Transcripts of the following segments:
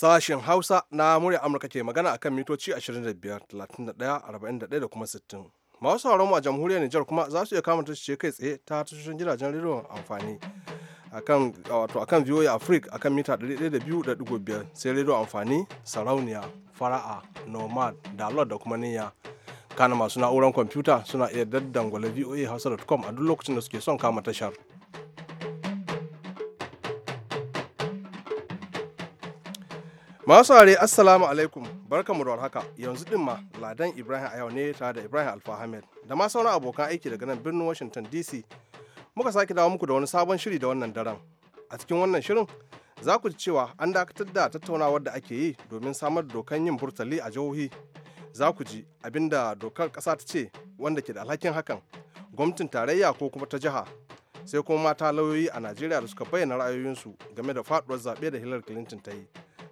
Sashen Hausa na murya Amurka ke magana akan mitoci 25, 31, 41 da kuma 60. Masu sauran a jamhuriyar Nijar kuma za su iya kama ce kai tsaye ta tashoshin gidajen rediyon amfani. akan wato akan VOA Africa akan mita 102.5 sai rediyo amfani sarauniya fara'a nomad download da kuma niyya kana masu na'uran kwamfuta suna iya daddangwale voa hausa.com a duk lokacin da suke son kama tashar. Masu are assalamu alaikum mu da warhaka yanzu din ma ladan Ibrahim a yau ne tare da Ibrahim Alfahamed da ma sauran abokan aiki daga nan birnin Washington DC muka sake dawo muku da wani sabon shiri da wannan daren a cikin wannan shirin za ku ji cewa an dakatar da tattaunawar da ake yi domin samar da dokan yin burtali a jihohi za ku ji abinda dokar ƙasa ta ce wanda ke da alhakin hakan gwamnatin tarayya ko kuma ta jiha sai kuma mata lauyoyi a najeriya da suka bayyana ra'ayoyinsu game da faduwar zaɓe da hillary clinton ta yi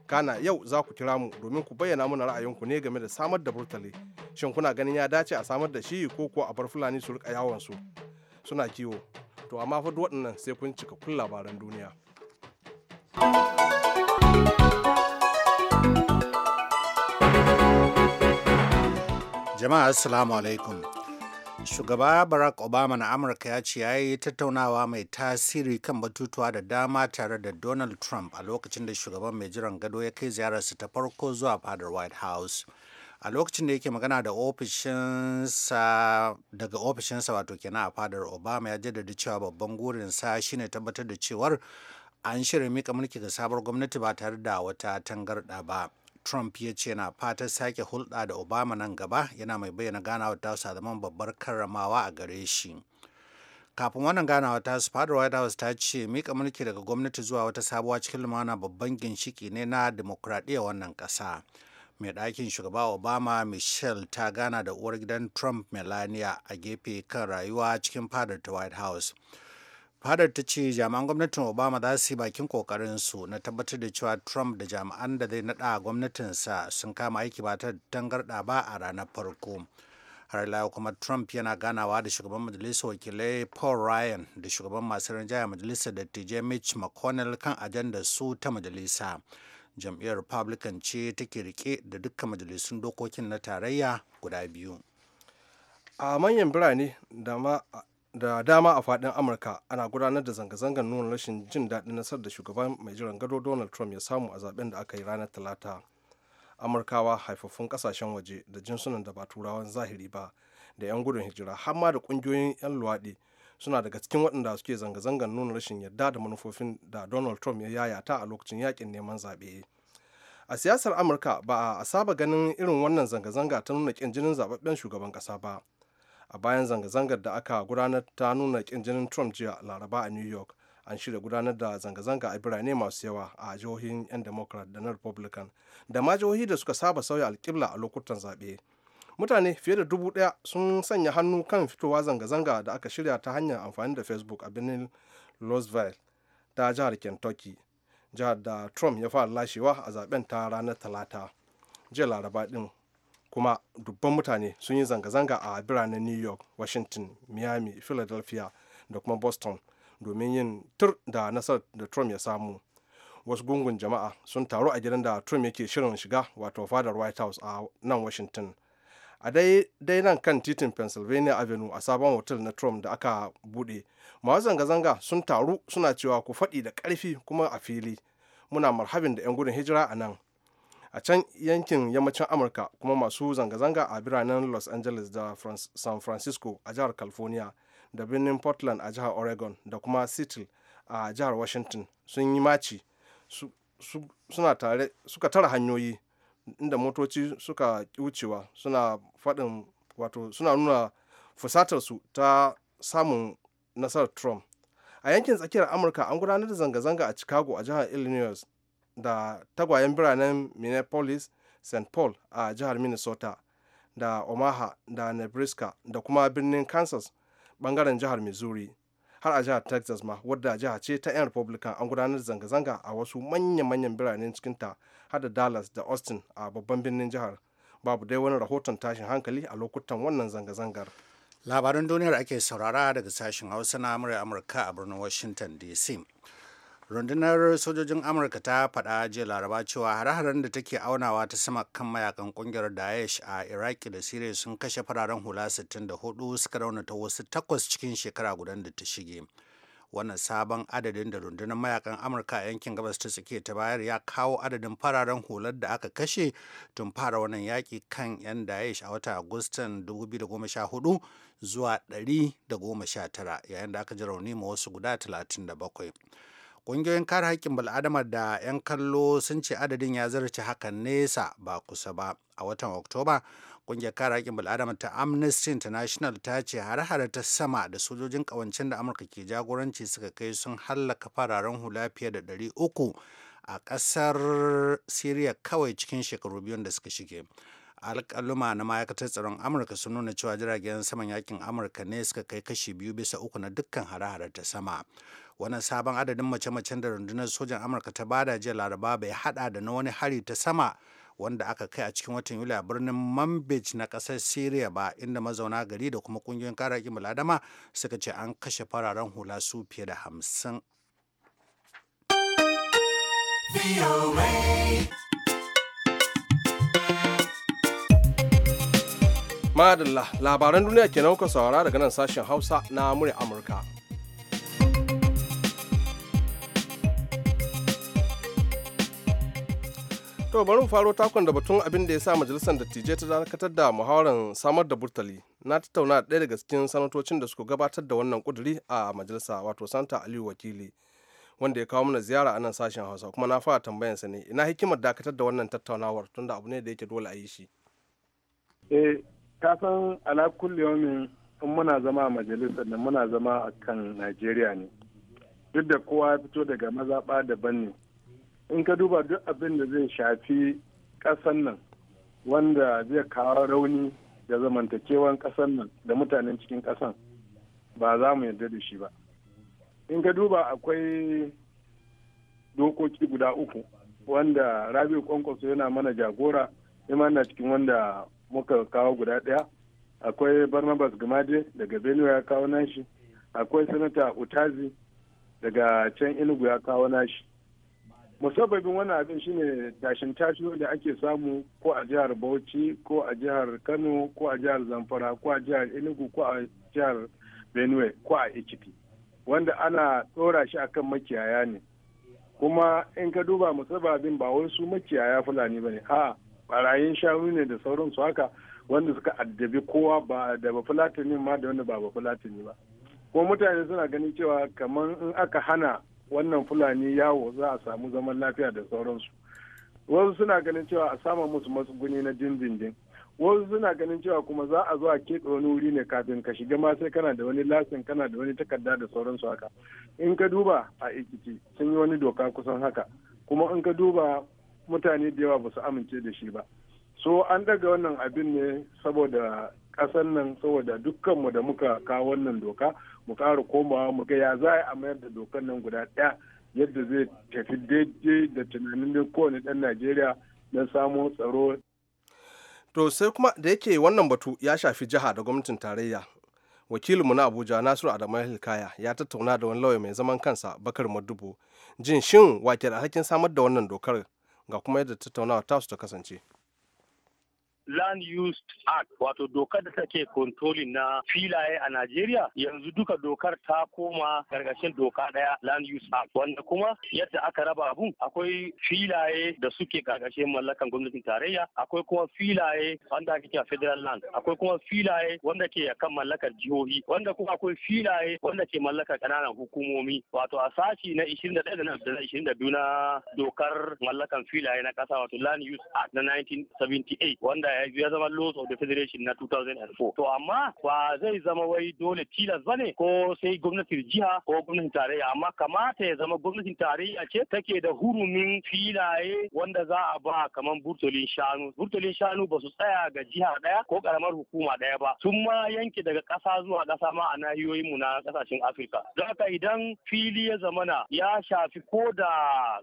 kana yau za ku kira mu domin ku bayyana mana ra'ayinku ne game da samar da burtale shin kuna ganin ya dace a samar da shi ko kuwa a bar fulani su rika yawon su suna kiwo to amma fa waɗannan sai kun cika kun labaran duniya jama'a assalamu alaikum shugaba barack obama na amurka ya ce ya yi tattaunawa mai tasiri kan batutuwa da dama tare da donald trump a lokacin da shugaban mai jiran gado ya kai ziyararsa ta farko zuwa fadar white house a lokacin da yake magana da ofishinsa daga ofishinsa wato kenan a fadar obama ya jaddada cewa babban gurinsa shine tabbatar da cewar an shirya mika mulki ga sabuwar gwamnati ba tare da wata tangarɗa ba trump ya ce na fatan sake hulɗa da obama nan gaba yana mai bayyana ganawa ta wasu zaman babbar karramawa a gare shi kafin wannan ganawa ta su fadar white house ta ce mika mulki daga gwamnati zuwa wata sabuwa cikin lumana babban ginshiki ne na demokradiyya wannan ƙasa mai ɗakin shugaba obama michelle ta gana da uwar gidan trump melania a gefe kan rayuwa cikin fadar ta white house fadar ta ce jami'an gwamnatin obama za su yi bakin kokarin su na tabbatar da cewa trump da jami'an da zai naɗa gwamnatinsa sun kama aiki ba ta tangarɗa ba a ranar farko har layo kuma trump yana ganawa da shugaban majalisar wakilai paul ryan da shugaban masu rinjaya majalisar dattijai mitch mcconnell kan ajandar su ta majalisa jam'iyyar republican ce take rike da dukkan majalisun dokokin na tarayya guda biyu a manyan birane da ma da dama a faɗin amurka ana gudanar da zanga-zangar nuna rashin jin daɗin nasar da shugaban mai jiran gado donald trump ya samu a zaben da aka yi ranar talata amurkawa haifaffun ƙasashen waje da jinsunan da ba turawan zahiri ba da 'yan gudun hijira har ma da ƙungiyoyin 'yan luwaɗi suna daga cikin waɗanda suke zanga-zangar nuna rashin yarda da manufofin da donald trump ya yayata a lokacin yakin neman zaɓe a siyasar amurka ba a saba ganin irin wannan zanga-zanga ta nuna ƙin jinin zaɓaɓɓen shugaban ƙasa ba a bayan zanga-zangar da aka gudanar ta nuna kin jinin trump jiya laraba a new york an shirya gudanar da zanga-zanga a birane masu yawa a jihohin 'yan democrat da na republican da ma jihohi da suka saba sauya alkibla a lokutan zaɓe mutane fiye da dubu ɗaya sun sanya hannu kan fitowa zanga-zanga da aka shirya ta hanyar amfani da facebook a birnin louisville ta jihar kentucky jihar da trump ya fara lashewa a zaben ta ranar talata jiya laraba din kuma dubban mutane sun yi zanga-zanga a biranen new york washington miami philadelphia da kuma boston domin yin tur da nasarar da trump ya samu wasu gungun jama'a sun taru a gidan da trump yake shirin shiga wato fadar white house a nan washington a dai nan kan titin pennsylvania avenue a sabon hotel na trump da aka bude masu zanga-zanga sun taru suna cewa ku faɗi da ƙarfi kuma a fili muna marhabin da 'yan gudun hijira a nan a can yankin yammacin amurka kuma masu zanga-zanga a biranen los angeles da san francisco a jihar california da birnin portland a jihar oregon da kuma seattle a jihar washington sun yi maci suka tara hanyoyi inda motoci suka wucewa suna faɗin wato suna nuna fusatarsu ta samun nasarar trump a yankin tsakiyar amurka an gudanar da zanga-zanga a chicago a jihar illinois da tagwayen biranen minneapolis st paul a jihar minnesota da omaha da nebraska da kuma birnin kansas bangaren jihar missouri har a jihar texas ma wadda jiha ce ta 'yan republican an gudanar zanga-zanga a wasu manyan-manyan biranen cikinta har da dallas da austin a babban birnin jihar babu dai wani rahoton tashin hankali a lokutan wannan zanga-zangar labaran duniyar ake saurara daga sashen hausa na amurka a birnin washington dc rundunar sojojin amurka ta faɗa jiya laraba cewa hare-haren da take aunawa ta sama kan mayakan kungiyar daesh a iraki da siriya sun kashe fararen hula 64 suka raunata wasu takwas cikin shekara gudan da ta shige wannan sabon adadin da rundunar mayakan amurka a yankin gabas ta tsakiya ta bayar ya kawo adadin fararen hular da aka kashe tun fara wannan yaƙi kan 'yan daesh a wata agustan 2014 zuwa 119 yayin da aka ji rauni ma wasu guda 37 ƙungiyoyin kare haƙƙin bil'adama da 'yan kallo sun ce adadin ya zarce hakan nesa ba kusa ba a watan oktoba ƙungiyar kare haƙƙin bil'adama ta amnesty international ta ce hare-hare ta sama da sojojin ƙawancen da amurka ke jagoranci suka kai sun hallaka fararen hula fiye da 300 a ƙasar syria kawai cikin shekaru biyun da suka shige alƙaluma na ma'aikatar tsaron amurka sun nuna cewa jiragen saman yakin amurka ne suka kai kashi biyu bisa uku na dukkan hare-hare ta sama wannan sabon adadin mace-macen da rundunar sojan amurka ta bada jiya laraba bai hada da na wani hari ta sama wanda aka kai a cikin watan yuli a birnin manbij na kasar syria ba inda mazauna gari da kuma kungiyoyin kare hakkin bil'adama suka ce an kashe fararen hula su fiye da hamsin VOA. madalla labaran duniya ke kuka saurara daga nan sashen hausa na mure amurka to bari mu faro takon da batun abin da ya sa majalisar dattijai ta dakatar da muhawarar samar da burtali na tattauna ɗaya daga cikin sanatocin da suka gabatar da wannan kuduri a majalisa wato santa aliyu wakili wanda ya kawo mana ziyara a nan sashen hausa kuma na fara sa ne ina hikimar dakatar da wannan tattaunawar tunda abu ne da yake dole a yi shi eh, kasan ala yawmin in muna zama a majalisar da muna zama a kan najeriya ne duk da kowa ya fito daga mazaɓa daban ne in ka duba duk abin da zai shafi ƙasan nan wanda zai kawo rauni da zamantakewan ƙasan nan da mutanen cikin ƙasan ba za mu yarda da shi ba in ka duba akwai dokoki guda uku wanda rabiu kwankwaso yana mana jagora yana cikin wanda muka kawo guda ɗaya akwai barnabas gamade daga benue ya kawo nashi akwai sanata utazi daga can inugu ya kawo nashi musabbabin wannan abin shine tashin tashiyo da ake samu ko a jihar bauchi ko a jihar kano ko a jihar zamfara ko a jihar inugu ko a jihar benue ko a ekiti wanda ana ɗora shi akan makiyaya ne kuma in ka duba musabbabin ba wai su makiyaya fulani ba ne a'a. barayin shanu ne da sauransu haka wanda suka addabi kowa ba da ba fulatani ma da wanda ba ba fulatani ba ko mutane suna ganin cewa kamar in aka hana wannan fulani yawo za a samu zaman lafiya da sauransu wasu suna ganin cewa a sama musu matsuguni na dindindin wasu suna ganin cewa kuma za a zo a keɓe wani wuri ne kafin ka shiga ma sai kana da wani lasin kana da wani takarda da sauransu haka in ka duba a ikiti sun yi wani doka kusan haka kuma in ka duba mutane da yawa ba su amince da shi ba so an daga wannan abin ne saboda kasar nan saboda dukkanmu da muka kawo wannan doka mu ƙara komawa mu ga ya za a mayar da dokar nan guda ɗaya yadda zai tafi daidai da tunanin kowane dan najeriya don samo tsaro to sai kuma da yake wannan batu ya shafi jiha da gwamnatin tarayya wakilinmu na abuja nasiru adamu hilkaya ya tattauna da wani lauya mai zaman kansa bakar madubu jin shin wake da alhakin samar da wannan dokar ga kuma yadda tattaunawa tasu ta kasance land use act wato dokar da take controlling na filaye a Najeriya yanzu duka dokar ta koma gargashin doka daya land use act wanda kuma yadda aka raba abun akwai filaye da suke gargashin mallakan gwamnatin tarayya akwai kuma filaye wanda ake kira federal land akwai kuma filaye wanda ke kan mallakar jihohi wanda kuma akwai filaye wanda ke mallakar kananan hukumomi wato a sashi na 21 da na 22 na dokar mallakan filaye na kasa wato land use act na 1978 wanda ya zama laws of the federation na 2004 to amma ba zai zama wai dole tilas ba ne ko sai gwamnatin jiha ko gwamnatin tarayya amma kamata ya zama gwamnatin tarayya ce take da hurumin filaye wanda za a ba kamar burtolin shanu burtolin shanu ba su tsaya ga jiha ɗaya, ko karamar hukuma ɗaya ba sun ma yanke daga kasa zuwa kasa ma a nahiyoyin mu na ƙasashen afirka don haka idan fili ya zamana ya shafi ko da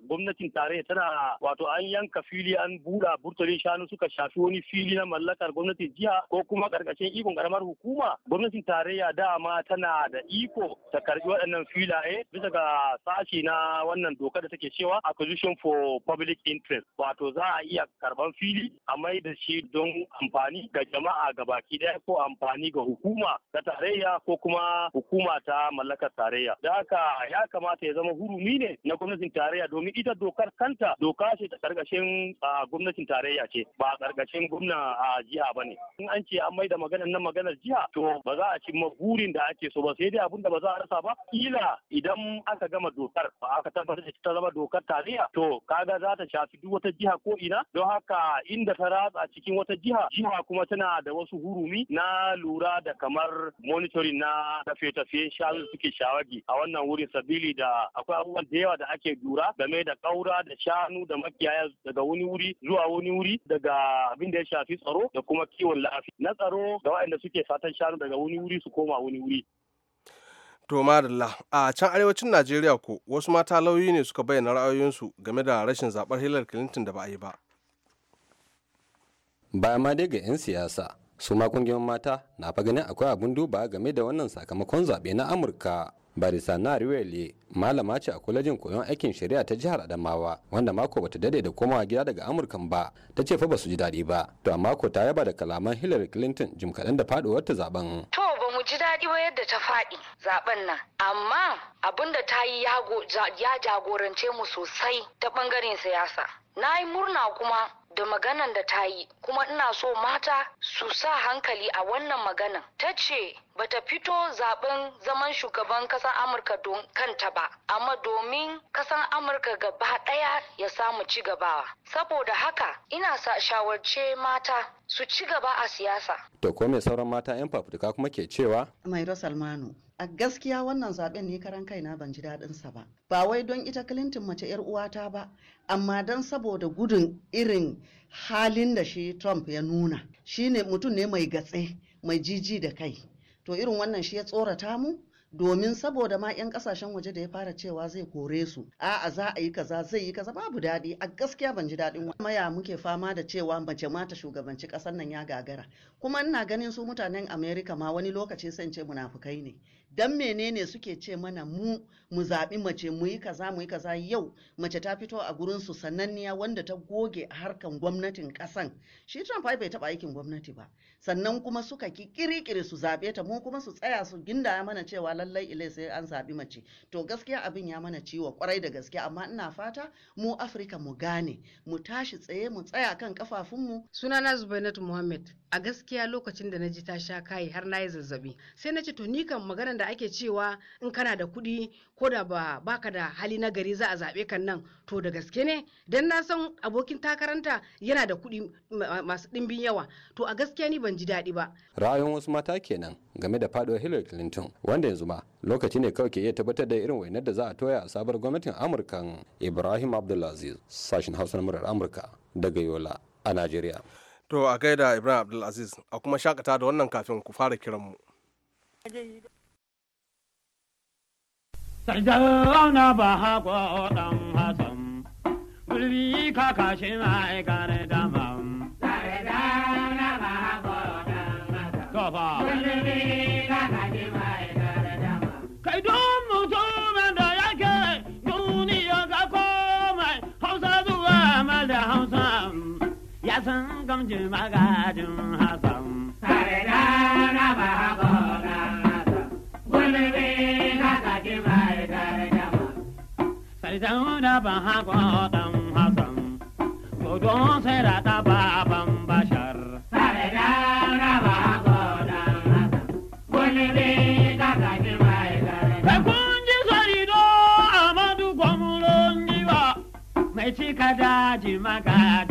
gwamnatin tarayya tana wato an yanka fili an bura burtolin shanu suka shafi wani fili fili na mallakar gwamnatin jiha ko kuma karkashin ikon karamar hukuma gwamnatin tarayya dama tana da iko ta karbi waɗannan filaye bisa ga sashi na wannan doka da take cewa acquisition for public interest wato za a iya karban fili a mai da shi don amfani ga jama'a ga baki ɗaya ko amfani ga hukuma ta tarayya ko kuma hukuma ta mallakar tarayya da haka ya kamata ya zama hurumi ne na gwamnatin tarayya domin ita dokar kanta doka ce ta karkashin ah, gwamnatin tarayya ce ba karkashin gwamnati magana a jiha ba ne in an ce an maida maganar nan maganar jiha to ba za a ci burin da ake so ba sai dai abin ba za a rasa ba kila idan aka gama dokar ba aka tabbatar da ta zama dokar tarayya to kaga za ta shafi duk wata jiha ko ina don haka inda ta ratsa cikin wata jiha jiha kuma tana da wasu hurumi na lura da kamar monitoring na tafiye-tafiyen shanu suke shawagi a wannan wurin sabili da akwai abubuwan da yawa da ake lura game da ƙaura da shanu da makiyaya daga wani wuri zuwa wani wuri daga abin da ya sha. shafi tsaro da kuma kiwon la'afi na tsaro ga waɗanda suke fatan shanu daga wani wuri su koma wani wuri. To madalla a can arewacin Najeriya ko wasu mata lauyi ne suka bayyana ra'ayoyinsu game da rashin zaɓar Hillary Clinton da ba a yi ba. Ba ma dai ga 'yan siyasa su ma kungiyoyin mata na fa ganin akwai abun duba game da wannan sakamakon zaɓe na Amurka. Barisa Nariwele malama ce a kwalejin koyon aikin shari'a ta jihar adamawa wanda mako bata dade da komawa gida daga amurkan ba ta ce fa basu ji daɗi ba to amma ko ta yaba da kalaman hillary clinton jim kaɗan da faɗuwar ta zaben to ba mu ji daɗi ba yadda ta faɗi zaben nan amma abin da ta yi ya jagorance mu sosai ta bangaren siyasa na yi murna kuma da maganan da ta yi kuma ina so mata su sa hankali a wannan maganan ta ce ba ta fito zaben zaman shugaban kasar amurka don kanta ba amma domin kasar amurka gaba daya ya samu ci saboda haka ina sa shawarce mata su ci gaba a siyasa to ko me sauran mata yan fafutuka kuma ke cewa mai salmanu a gaskiya wannan zaben ne karan kaina ban ji daɗin sa ba ba wai don ita clinton mace yar uwata ba amma don saboda gudun irin halin da shi trump ya nuna shi ne mutum ne mai gatse mai jiji da kai to irin wannan shi ya tsorata mu domin saboda ma 'yan kasashen waje da ya fara cewa zai kore su a'a za a yi kaza zai yi kaza babu daɗi a gaskiya ban ji daɗin wani maya muke fama da cewa mace mata shugabanci ƙasar nan ya gagara kuma ina ganin su mutanen america ma wani lokaci sai ce munafukai ne dan menene suke ce mana mu mu zaɓi mace mu yi kaza mu yi kaza yau mace ta fito a gurin su sananniya wanda ta goge a harkan gwamnatin ƙasan shi Trump bai taɓa aikin gwamnati ba sannan kuma suka ki kirikiri su zaɓe ta mu kuma su tsaya su ya mana cewa lallai ile sai an zaɓi mace to gaskiya abin ya mana ciwo kwarai da gaske amma ina fata mu Afirka mu gane mu tashi tsaye mu tsaya kan kafafunmu sunana Zubainatu Muhammad a gaskiya lokacin da na ji ta sha kai har na yi zazzabi sai na ce to ni kan maganar da ake cewa in kana da kuɗi ko da ba baka da hali na gari za a zaɓe kan nan to da gaske ne dan na san abokin takaranta yana da kuɗi masu ɗimbin yawa to a gaskiya ni ban ji daɗi ba ra'ayin wasu mata kenan game da faɗuwar Hillary Clinton wanda yanzu ma lokaci ne kawai ke iya tabbatar da irin wainar da za a toya a sabar gwamnatin Amurka Ibrahim Abdulaziz sashin Hausa na murar Amurka daga Yola a Najeriya To a gaida Ibrahim Abdulaziz a kuma shakata da wannan kafin ku fara kiran mu Sardauna ba haƙo ɗan hasan gulbi kakashin aikar damam. Sardauna ba haƙo ɗan Hassan, gulbi kakashin aikar damam. Kai don mutumin da yake duniya ga komai, hausa zuwa mal da hausa, ya san gamji magajin Hassan. Sardauna ba haƙo da ban hako dan hasan sai da ta baban bashar dan hasan wani ka ji mai amadu gwamnati ba mai cika daji magadi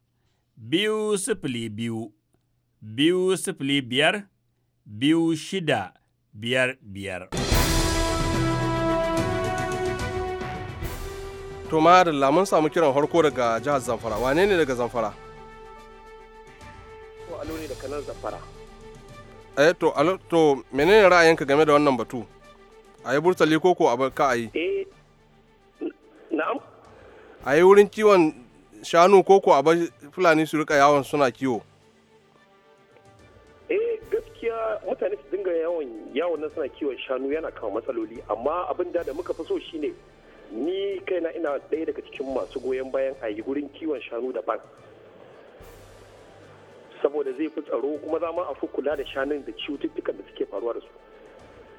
biyu sifili biyu, biyu sifili biyar, biyu shida biyar biyar. To madalla mun samu kiran harko daga jihar Zamfara, wane ne daga Zamfara? Ko alo ne daga nan Zamfara. Eh to alo to menene ra'ayinka game da wannan batu? A yi burtali koko a ka a yi? Eh, na'am. A yi wurin kiwon shanu ko a bar fulani su rika yawon suna kiwo eh gaskiya mutane su dinga yawon yawon nan suna kiwon shanu yana kawo matsaloli amma abin da da muka fi so shine ni kaina ina ɗaya daga cikin masu goyon bayan a yi gurin kiwon shanu daban saboda zai fi tsaro kuma za ma a fi kula da shanun da cututtukan da suke faruwa da su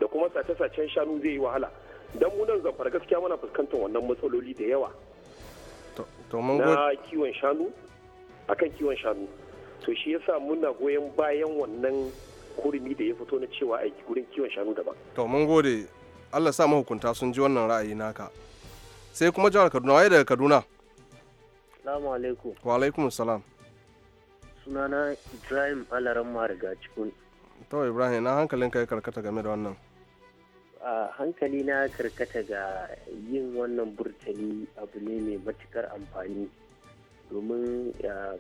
da kuma sace-sacen shanu zai yi wahala don mu nan zamfara gaskiya muna fuskantar wannan matsaloli da yawa na kiwon shanu akan kiwon shanu to shi yasa muna goyon bayan wannan kurmi da ya fito na cewa a gurin kiwon shanu daban to mun gode Allah sa mahukunta sun ji wannan ra'ayi naka sai kuma jihar Kaduna waye daga Kaduna Assalamu alaikum wa alaikum salam sunana Ibrahim Alaran Mariga cikin to Ibrahim na hankalin kai karkata game da wannan hankali na karkata ga yin wannan burtani abu ne mai matukar amfani domin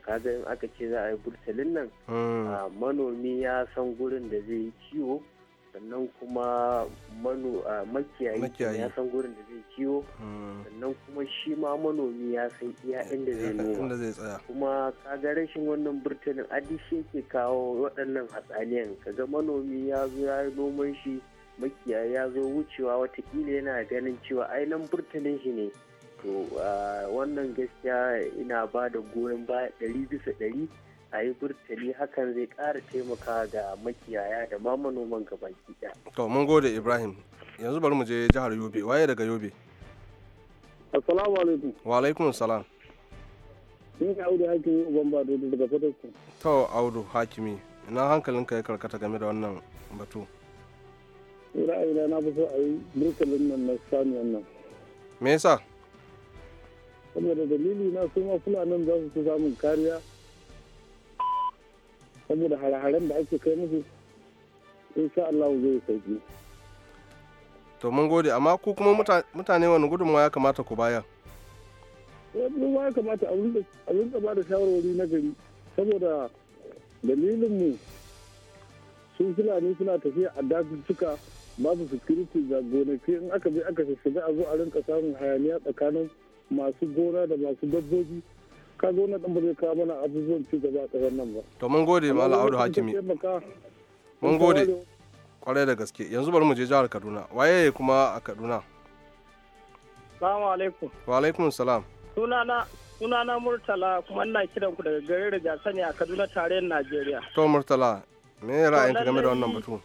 kaga in aka ce za a yi burtalin nan hmm. manomi ya san gurin da zai yi kiwo sannan kuma makiyayi ya san gurin da zai kiwo hmm. sannan kuma shi ma manomi ya san iya inda zai noma kuma kaga rashin wannan burtalin adishi ke kawo waɗannan hatsaniyan kaga manomi ya zo ya noman shi makiya ya zo wucewa watakila yana ganin cewa ainihin nan shi ne to wannan gaskiya ina ba da goyon baya ɗari bisa ɗari a yi burtani hakan zai ƙara taimaka ga makiyaya da ma manoman gabaki ɗaya. to mun gode ibrahim yanzu bari mu je jihar yobe waye daga yobe assalamu alaikum wa alaikum salam ni ka audu hakimi uban ba daga fatasko to audu hakimi ina hankalinka ya karkata game da wannan batu ra'ayina na fi so a yi burkulin nan na saniyan nan me yasa saboda dalili na su ma fulanin za su fi samun kariya saboda hare-haren da ake kai musu insha Allah zai sauki to mun gode amma ku kuma mutane wani gudunmawa ya kamata ku bayar wani ya kamata a rinka ba da shawarwari na gari saboda dalilinmu sun fulani suna tafiya a dajujjuka babu security ga gonaki in aka bi aka shiga a zo a rinka samun hayaniya tsakanin masu gona da masu dabbobi ka zo na ɗan ba zai kawo mana abubuwan ci gaba a kasar nan ba to mun gode ma Audu Hakimi mun gode kwarai da gaske yanzu bari mu je jihar Kaduna waye kuma a Kaduna salamu alaikum wa alaikum salam sunana sunana Murtala kuma ina kiran ku daga garin sani a Kaduna tarayyar Najeriya to Murtala me ra'ayinka game da wannan batun?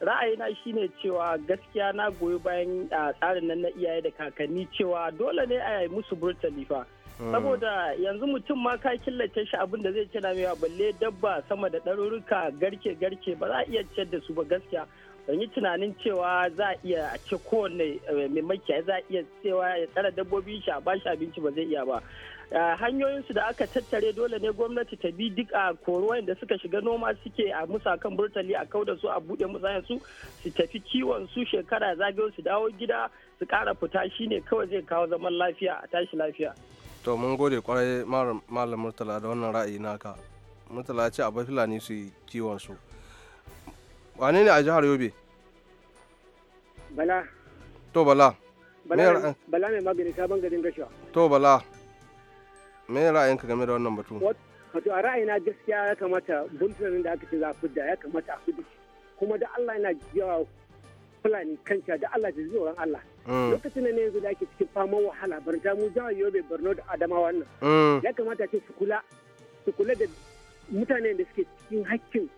ra'ayina shine cewa gaskiya na goyi bayan tsarin nan na iyaye da kakanni cewa dole ne a yi musu burtali fa hmm. saboda yanzu mutum ma ka killace shi abin da zai ci na mewa balle dabba sama da ɗarurruka garke garke ba za a iya ciyar da su ba gaskiya ban yi tunanin cewa za a iya a ce kowanne eh, mai makiyaya za a iya cewa ya tsara dabbobin shi a bashi abinci ba zai iya ba hanyoyin su da aka tattare dole ne gwamnati ta bi duk a koruwan da suka shiga noma suke a musa kan burtali a kauda su a bude musayan su su tafi kiwon su shekara zagayo su dawo gida su kara fita shine kawai zai kawo zaman lafiya a tashi lafiya to mun gode kwarai malam murtala da wannan ra'ayi naka murtala ce a fulani su yi kiwon su wane ne a jihar yobe bala to bala bala mai magani sabon garin gashiwa to bala me ra'ayinka game da wannan batu wato a ra'ayina gaskiya ya kamata buntunan da aka ce za a fidda ya kamata a fidda kuma da Allah yana jiyawa fulani kanta da Allah da zuwan Allah mm. lokacin da ne yanzu da ake cikin faman wahala bar ta mu jihar Yobe barno da adama wannan mm. ya kamata ce su kula su kula da mutanen da suke cikin hakkin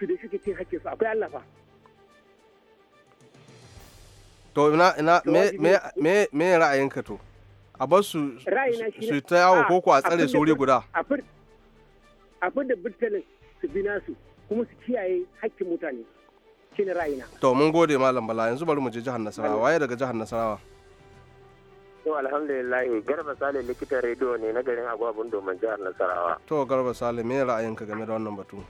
su da suke cikin hakkin su akwai Allah fa to ina ina me me me ra'ayinka to a bar su su ta yawo ko ko a tsare su wuri guda a da burtalin su bi nasu kuma su kiyaye hakkin mutane shine ra'ayina to mun gode malam bala yanzu bari mu je jihar nasarawa waye daga jihar nasarawa to alhamdulillah garba salim likitan rediyo ne na garin agwabun domin jihar nasarawa to garba salim me ra'ayinka game da wannan batu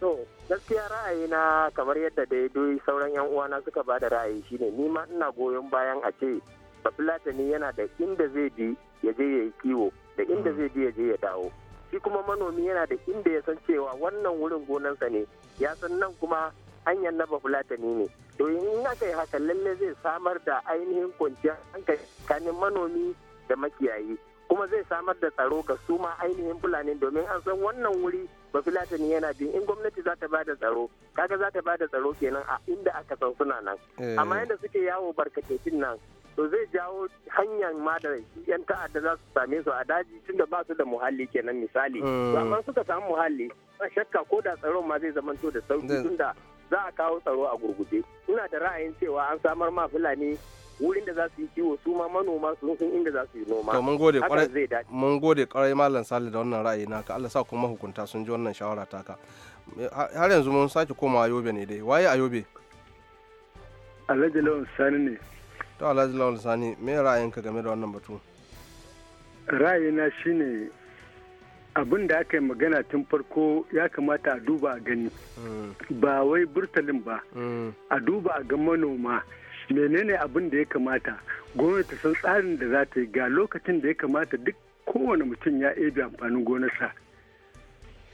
to gaskiya ra'ayina kamar yadda dai sauran yan uwana suka ba da ra'ayi shine ni ma ina goyon bayan a ce bafulatani yana da inda zai bi ya je ya yi kiwo da inda mm. zai bi ya je ya dawo shi kuma manomi yana da inda ya san cewa wannan wurin gonansa ne ya san nan kuma hanyar na bafulatani ne to in aka yi haka lalle zai samar da ainihin kwanciyar hankali tsakanin manomi da makiyayi kuma zai samar da tsaro ga su ma ainihin fulani domin an san wannan wuri ba fulatani yana bi in gwamnati za ta bada tsaro kaga za ta bada tsaro kenan a inda aka san suna nan eh. amma yadda suke yawo barkatetin nan to zai jawo hanyar ma da yan ta'adda za su same su a daji tun da ba su da muhalli kenan misali mm. amma suka samu muhalli ba shakka ko da tsaro ma zai to da sauki da za a kawo tsaro a gurguje ina da ra'ayin cewa an samar ma fulani wurin da za su yi kiwo su ma manoma su sun inda za su yi noma. To mun gode kwarai mun gode kwarai mallam Sale da wannan ra'ayi naka Allah sa kuma hukunta sun ji wannan shawara taka. Har yanzu mun sake komawa Yobe ne dai. Waye a Yobe? Alhaji Lawan Sani ne. to alhaji lawal sani me ra'ayinka game da wannan batu ra'ayina shine abin da aka yi magana tun farko ya kamata a duba a gani hmm. ba wai burtalin ba hmm. a duba a ga manoma menene abin da ya kamata gwamnati san tsarin da za ta yi ga lokacin da ya kamata duk kowane mutum ya ebe amfanin gonarsa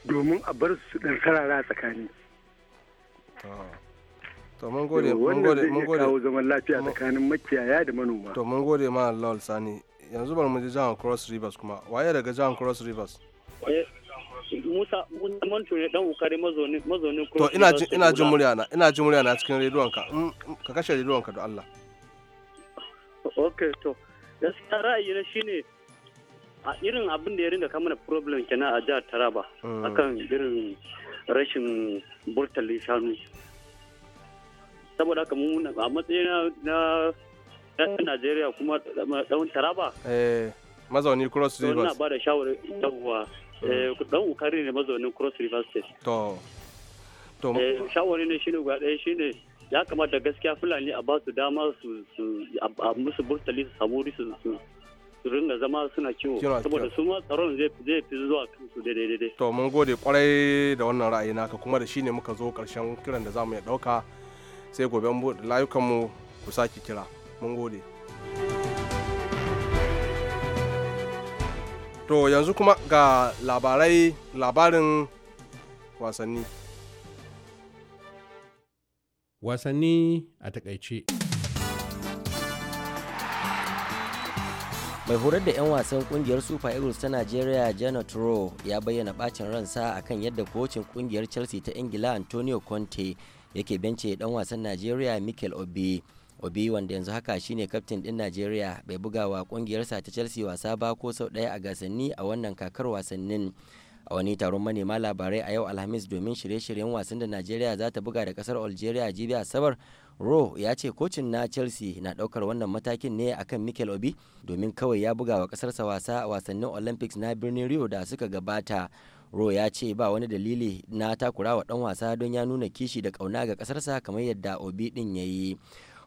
domin a bar su ɗan sarara tsakani. Ah. to mun gode mun gode mun gode kawo zaman lafiya tsakanin makiyaya da manoma to mun gode ma Allah sani yanzu bar mu je jihar Cross Rivers kuma waye daga jihar Cross Rivers eh, Musa Montu ne dan ukare mazonin mazonin Cross To ina jin ina jin murya na ina jin murya na cikin rediyon ka mm, mm, ka kashe rediyon ka da Allah Okay to gaskiya ra'ayi na shine a irin abin da ya ringa kamar problem kenan a jihar Taraba mm. akan irin rashin burtali shanu saboda haka mun a matsayin na ɗan Najeriya kuma ɗan Taraba. Eh, Mazauni Cross Rivers. Ina ba da shawarar yawwa. Eh, ɗan Ukari ne mazaunin Cross Rivers State. To. To. Eh, shawarar ne shine guda ɗaya shine ya kamata gaskiya Fulani a ba su dama su a musu burtali su samu su su ringa zama suna kiwo saboda su ma tsaron zai fi zuwa kansu daidai daidai. To mun gode kwarai da wannan ra'ayi naka kuma da shine muka zo karshen kiran da zamu ya ɗauka. sai gobe an layukanmu ku sake kira mun gode to yanzu kuma ga labarai labarin wasanni wasanni a takaice mai horar da 'yan wasan kungiyar super eagles ta nigeria janet rowe ya bayyana bacin ransa akan yadda kocin kungiyar chelsea ta ingila antonio conte yake bence dan wasan najeriya mikel obi obi wanda yanzu haka shine kaftin din najeriya bai bugawa wa kungiyarsa ta chelsea wasa ba ko sau daya a gasanni a wannan kakar wasannin a wani taron manema labarai a yau alhamis domin shirye-shiryen wasan da najeriya za ta buga da kasar algeria jibi asabar ro ya ce kocin na chelsea na daukar wannan matakin ne akan mikel obi domin kawai ya buga wa kasarsa wasa a wasannin olympics na birnin rio da suka gabata ro ya ce ba wani dalili na wa dan wasa don ya nuna kishi da kauna ga kasarsa kamar yadda obi din ya yi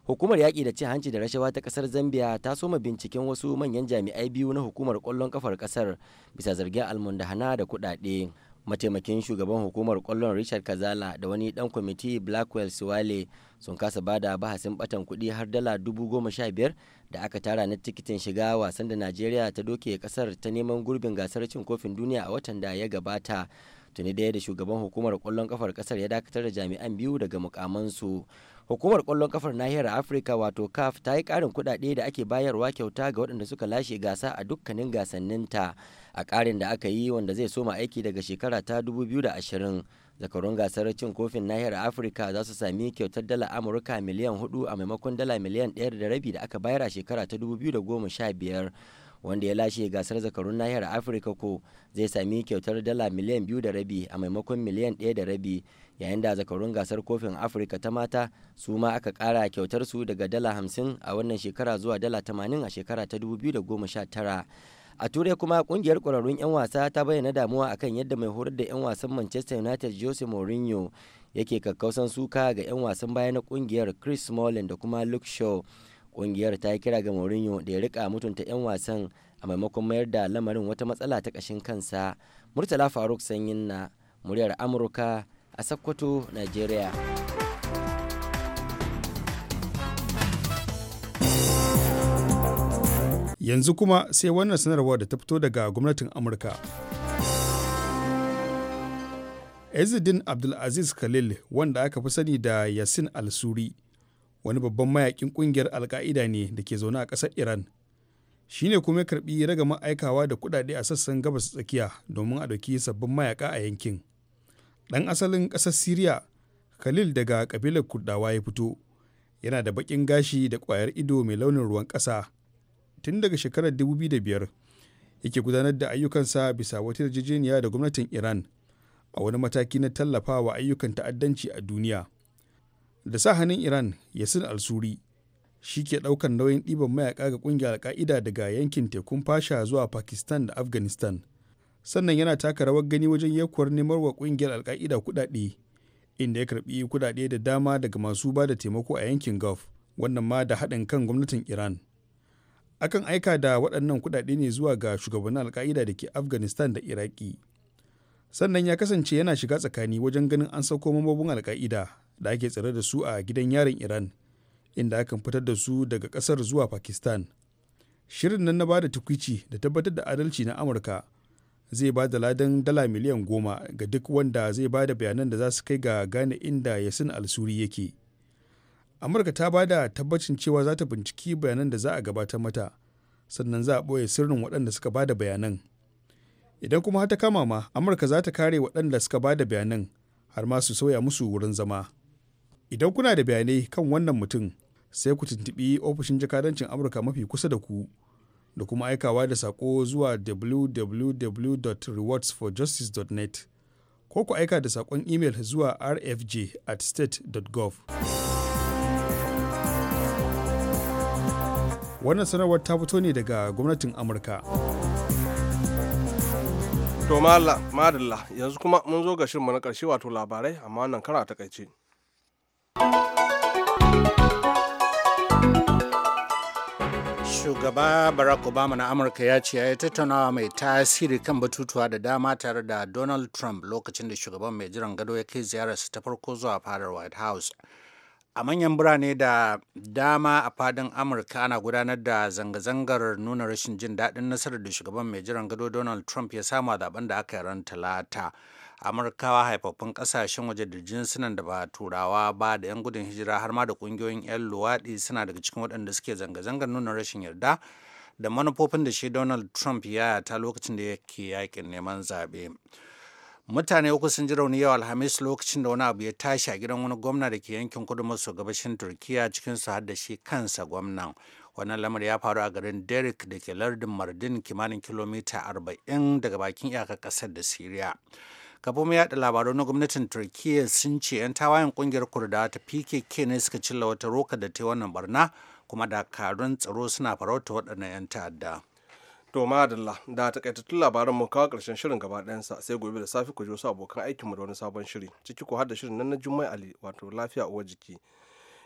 hukumar yaƙi da cin hanci da rashawa ta kasar zambia ta soma binciken wasu manyan jami'ai biyu na hukumar kwallon ƙafar kasar bisa zargin almundahana da kuɗaɗe mataimakin shugaban hukumar kwallon richard kazala da wani dan kwamiti blackwell swale sun kasa bada bahasin batan kudi har dala dubu goma sha biyar da aka tara na tikitin shiga wasan da najeriya ta doke kasar ta neman gurbin gasar cin kofin duniya a watan da ya gabata tuni daya da shugaban hukumar kwallon kafar kasar ya dakatar da jami'an biyu daga mukamansu hukumar kwallon kafar nahiyar afirka wato caf ta yi karin kudade da ake bayarwa kyauta ga waɗanda suka lashe gasa a dukkanin gasanninta a karin da aka yi wanda zai soma aiki daga shekara ta 2020 zakarun gasar cin kofin nahiyar afirka za su sami kyautar dala amurka miliyan 4 a maimakon dala miliyan ɗaya da rabi da aka bayar a shekara ta 2015 wanda ya lashe gasar zakarun nahiyar afirka ko zai sami kyautar dala miliyan biyu da rabi a maimakon miliyan ɗaya da rabi yayin da zakarun gasar kofin afirka ta mata su ma aka ƙara kyautar su daga dala hamsin a wannan shekara zuwa dala tamanin a shekara ta dubu biyu da goma sha tara a turai kuma kungiyar kwararrun 'yan wasa ta bayyana damuwa akan yadda mai horar da 'yan wasan manchester united jose mourinho yake kakkausan suka ga 'yan wasan baya na kungiyar chris smalling da kuma luke shaw ƙungiyar ta yi kira ga Mourinho da ya rika mutunta 'yan wasan a maimakon mayar da lamarin wata matsala ta ƙashin kansa. Murtala Faruk Sanyin na muryar Amurka a Sokoto, Nigeria. Yanzu kuma sai wannan sanarwa da ta fito daga gwamnatin Amurka. ezidin Abdulaziz Khalil wanda aka fi sani da Yasin al wani babban mayakin kungiyar alka'ida ne da ke zaune a ƙasar iran shi ne kuma ya karbi raga aikawa da kudade a sassan gabas tsakiya domin a ɗauki sabbin mayaka a yankin ɗan asalin ƙasar siriya khalil daga kabilar kurdawa ya fito yana da baƙin gashi da ƙwayar ido mai launin ruwan ƙasa tun daga shekarar 2005 yake gudanar da ayyukansa bisa wata yarjejeniya da gwamnatin iran a wani mataki na tallafawa ayyukan ta'addanci a duniya da sa hannun iran yasin al-suri shi ke daukan nauyin ɗiban mayaka ga ƙungiyar alka'ida daga yankin tekun fasha zuwa pakistan da afghanistan sannan yana taka rawar gani wajen yakuwar nemar wa ƙungiyar alka'ida kuɗaɗe inda ya karɓi kuɗaɗe da dama daga masu ba da taimako a yankin gulf wannan ma da haɗin kan gwamnatin iran akan aika da waɗannan kuɗaɗe ne zuwa ga shugabannin alka'ida da ke afghanistan da iraki sannan ya kasance yana shiga tsakani wajen ganin an sauko mambobin alka'ida da ake tsare da su a gidan yarin iran inda akan fitar da su daga kasar zuwa pakistan shirin nan na bada tukwici da tabbatar da adalci na amurka zai ba da ladan dala miliyan goma ga duk wanda zai ba da bayanan da za su kai ga gane inda yasin alsuri yake amurka ta ba da tabbacin cewa za ta binciki bayanan da za a gabatar mata sannan za a ɓoye sirrin waɗanda suka ba da bayanan idan kuma ta kama ma amurka za ta kare waɗanda suka ba da bayanan har ma su sauya musu wurin zama Idan kuna da bayanai kan wannan mutum, sai ku tuntuɓi ofishin jakadancin Amurka mafi kusa da ku da kuma aikawa da saƙo zuwa www.rewardsforjustice.net ko ku aika da saƙon imel zuwa rfj at state.gov. Wannan sanarwar ta fito ne daga gwamnatin Amurka. To madalla yanzu kuma mun zo ga shirinmu na ƙarshe wato labarai amma nan kara takaice. shugaba barack obama na amurka ya ce ya yi tattaunawa mai tasiri kan batutuwa da dama tare da donald trump lokacin da shugaban mai jiran gado ya kai ziyararsa ta farko zuwa fadar white house a manyan birane da dama a fadin amurka ana gudanar da zanga-zangar nuna rashin jin daɗin nasarar da shugaban mai jiran gado donald trump ya samu a zaben da aka yi ran talata amurkawa haifaffun kasashen waje da jinsunan da ba turawa ba da 'yan gudun hijira har ma da kungiyoyin 'yan luwaɗi suna daga cikin waɗanda suke zanga-zangar nuna rashin yarda da manufofin da shi donald trump ya yata lokacin da yake yakin neman zaɓe mutane uku sun ji rauni yau alhamis lokacin da wani abu ya tashi a gidan wani gwamna da ke yankin kudu maso gabashin turkiya cikin su har da shi kansa gwamnan wannan lamar ya faru a garin derek da ke lardin mardin kimanin kilomita 40 daga bakin iyakar kasar da syria kafofin yada labaru na gwamnatin turkiyya sun ce 'yan tawayen kungiyar kurda ta pkk ne suka cilla wata roka da ta wannan barna kuma da dakarun tsaro suna farauta waɗannan 'yan ta'adda to madalla da takaitattun labaran mu kawo karshen shirin gaba ɗayansa sai gobe da safe ku ji wasu abokan aikinmu da wani sabon shiri ciki ko har da shirin nan na jummai ali wato lafiya uwar jiki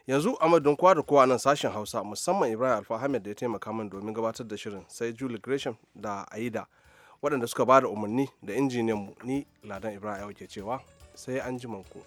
yanzu amadun kowa da kowa nan sashen hausa musamman ibrahim alfahamed da ya taimaka min domin gabatar da shirin sai julie gresham da aida waɗanda suka ba da umarni da injiniyanmu ni ladan ibrahim ke cewa sai an ji ku.